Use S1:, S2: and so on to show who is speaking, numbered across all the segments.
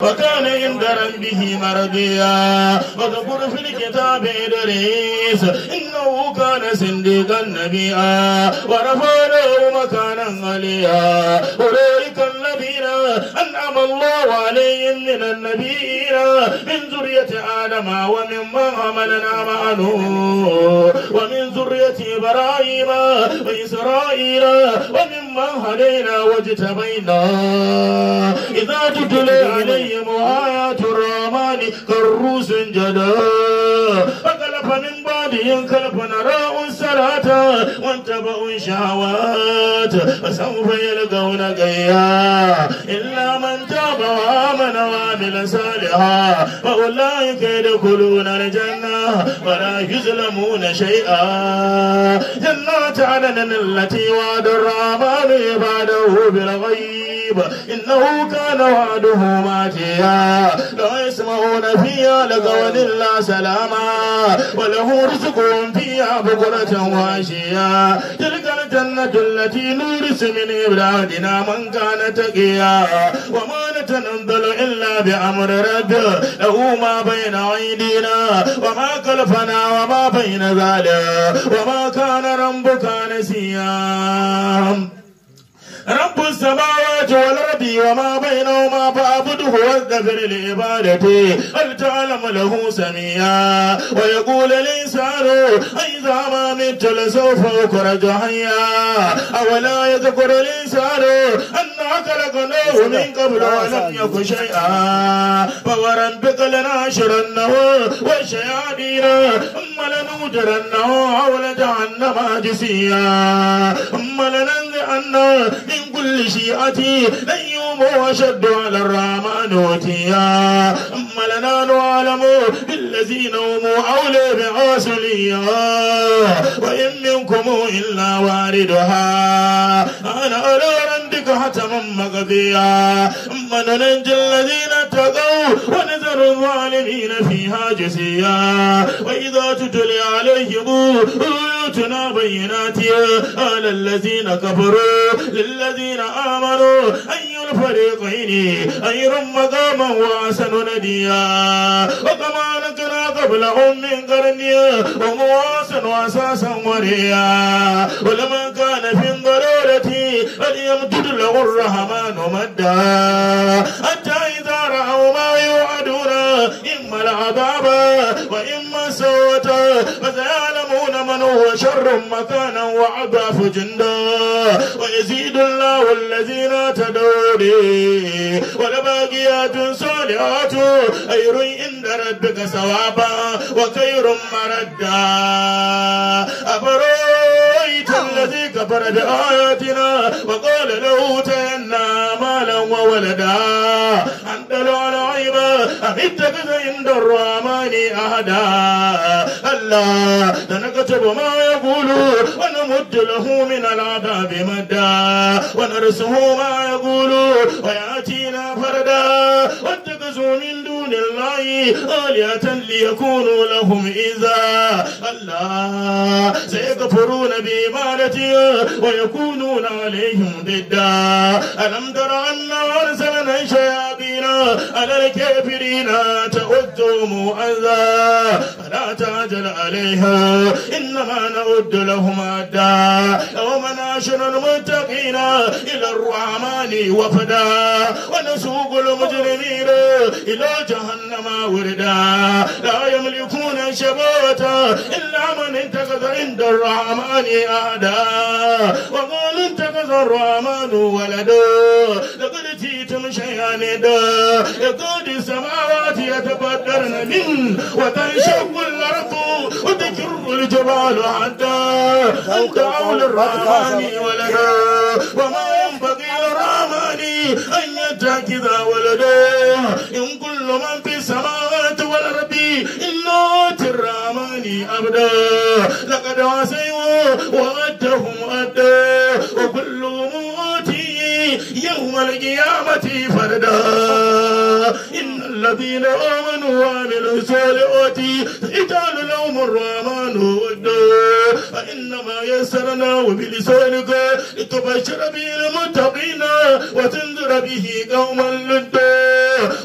S1: وكان يندر به مرضيا وذكر في الكتاب إدريس إنه كان صديقا نبيا ورفعناه مكانا عليا أولئك الذين أنعم الله عليهم من النبيين من ذرية آدم وممن حملنا مع نور ومن ذرية إبراهيم وإسرائيل ومن مما هدينا واجتبينا إذا تتلي عليهم آيات الرحمن كروس جدا فقلب من بعدهم كلب نراء سراتا وانتبع شهوات فسوف يلقون غيا إلا من تاب وآمن وعمل صالحا فأولئك يدخلون الجنة ولا يظلمون شيئا تعلن التي وعد الرحمن عباده بالغيب إنه كان وعده ماتيا لا يسمعون فيها لغوا إلا سلاما وله رزقهم فيها بكرة وعشيا تلك الجنة التي نورث من عبادنا من كان تقيا وما نتنزل إلا بأمر ربه له ما بين أيدينا وما خلفنا وما بين ذلك وما كان ربك نسيا رب السماوات والأرض وما بينهما فاعبده واستغفر لعبادته هل تعلم له سميا ويقول الإنسان أيضا ما مت لسوف أخرج حيا أولا يذكر الإنسان أنا خلقناه من قبل ولم يك شيئا فوربك لناشرنه والشياطين ثم لنوجرنه حول جهنم جسيا ثم لننزل أن من كل شيئتي أيوب وشد على الرحمن وتيا أما لنا نعلم بالذين هم أولى بعاصليا وإن منكم إلا واردها أنا على حتى من مقضيا أما ننجي الذين اتقوا ونذر الظالمين فيها جزيا وإذا تتلي عليهم آياتنا بينات آل الذين كفروا للذين آمنوا أي الفريقين خير مقاما وأحسن نديا وكما نكنا قبلهم من قرن هم أحسن أساسا وريا ولما كان في ضلالة فليمدد له الرحمن مدا حتى إذا رأوا ما يوعدون إما العذاب وإما السوءة فسيعلم ومن هو شر مكانا وأضعف جندا ويزيد الله الذين تدوري ولباقيات صالحات خير عند ربك ثوابا وخير مردا أفرأيت نعم. الذي كفر بآياتنا وقال له تينا مالا وولدا أنت لعنة غير أم اتخذ أهدا الله سنكتب ما يقول ونمد له من العذاب مدا ونرسه ما يقول ويأتينا فردا واتخذوا من دون دون الله آلية ليكونوا لهم إذا الله سيكفرون بإبادتي ويكونون عليهم ضدا ألم تر أن أرسلنا شياطين على الكافرين تؤدهم أذى فلا تعجل عليها إنما نؤد لهم أدا يوم ناشر المتقين إلى الرحمن وفدا ونسوق المجرمين إلى جهنم وردا لا يملكون شفاعة إلا من انتقذ عند الرحمن أعدا وقال انتقذ الرحمن ولدا لقد جئتم شيئا ندا يقول السماوات يتبدرن من وتنشق الأرض وتجر الجبال حتى أن دعوا للرحمن ولدا وما ينبغي للرحمن أن حتى إذا ولدوا إن كل من في السماوات والأرض إلا الرحمن أبدا لقد عصيوا وأدهم أدا وكلهم آتيه يوم القيامة فردا إن الذين آمنوا وعملوا الصالحات إجعل لهم الرحمن وجدا فإنما يسرنا وبلسانك لتبشر به المتقين وتنذر به قوما لدا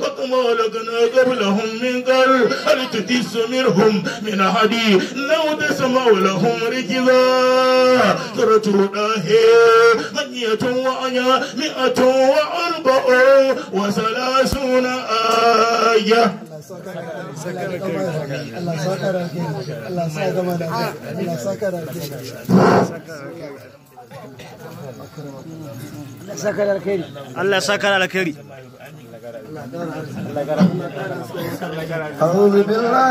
S1: وكما لقنا قبلهم من قل هل تتس منهم من أحد لو تسمع لهم ركضا ترتو داهر مئة وعيا مئة وأربع وثلاثون آية Allah saka sa gama da Allah da أعوذ بالله